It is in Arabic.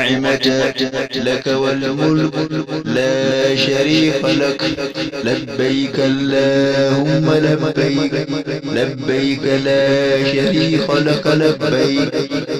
نعمة لك والملك لا شريك لك لبيك اللهم لبيك لبيك لا شريك لك لبيك